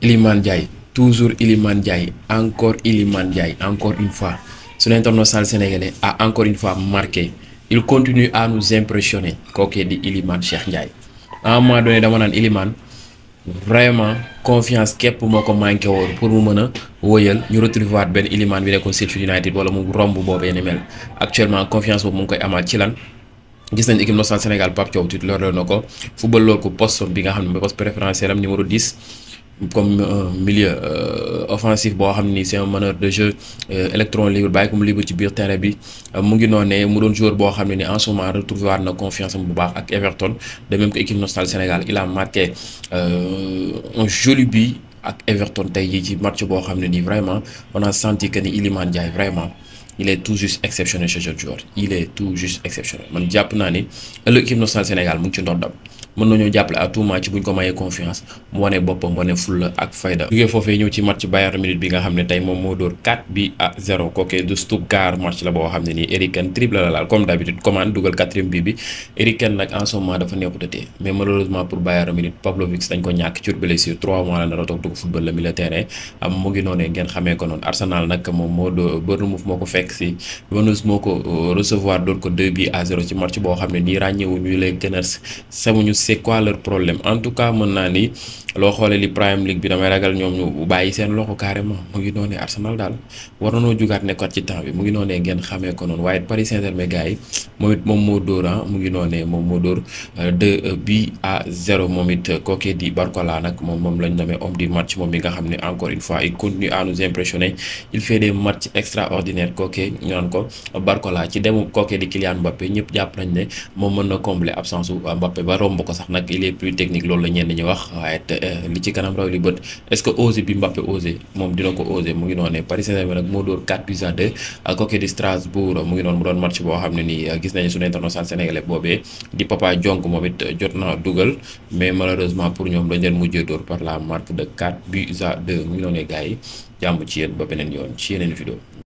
Iliman Ndiaye toujours Iliman Ndiaye encore Iliman Ndiaye encore une fois son international sénégalais a encore une fois marqué il continue à nous impressionner kookee di Iliman Cheikh Ndiaye à un moment dama naan Iliman vraiment confiance képp moo ko manqué woon pour mu mën a wóyal ñu retrouver benn Iliman bi nekkoon Sheffield United wala mu romb boobee ni mel actuellement confiance boobu mu ngi koy amaat ci lan gis nañ équipe nationale Sénégal Pape Thiaw titulaire na ko football bi nga xam ne mooy poste préférentiel am comme euh, milieu euh, offensif boo xam ni c'est un meneur de jeu euh, électron libre bàyyi ko mu libre ci biir terrain bi mu ngi noonu ne mu doon joueur boo xam ne ni en ce moment retrouvé waat na confiance bu baax ak Everton de même que équipe nationale Sénégal il a marqué un joli but ak Everton tey jii ci match boo xam ne nii vraiment on a senti que ni Iliman Ndiaye vraiment il est tout juste exceptionnel chez ce joueur il est tout juste exceptionnel man jàpp naa ni ëllëg équipe nationale Sénégal mu ngi ci ndordam mën nañoo jàppale à tout moment ci buñ ko mayee confiance mu wane boppam wane fulla ak fayda jugee foofee ñëw ci match Bayern Munich ne boo xam ne nii Eric Kane triple la a toog c'est quoi leur problème en tout cas mën naa ni loo xoole li Premier League bi damay ragal ñoom ñu bàyyi seen loxo carrément mu ngi noonee Arsenal daal war noo jugaat nekkoon ci temps bi mu ngi noonee ngeen xamee ko noonu waaye Paris Saint-Germain gars yi moom it moom moo dóor ah, mu ngi noonee moom moo door euh, deux euh, buts à zéro moom it euh, kookee di moom moom lañ demee homme du match moom mi nga xam ne encore une fois il continue à nous impressionner il fait des matchs extraordinaires kookee ñu ko Barcola ci demu kookee di Kylian Mbappé ñëpp jàpp nañ ne moom mën na combler absence ko sax nag il est plus technique loolu la ñenn ñi wax waaye euh, li ci kanam raw li bët est-ce que osé bi Mbappé osé moom dina ko osé mu ngi noonu Paris Saint-Germain nag moo dóor 4 buts à 2 kooku di Strasbourg mu ngi noonu mu doon match boo xam ne nii euh, gis nañu suñu international sénégalais boobee di Papa Diong moom it euh, jot na dugal mais malheureusement pour ñoom dañ leen mujjee dóor par la marque de 4 buts à 2 mu ngi noonu gars jàmm ci yéen ba beneen yoon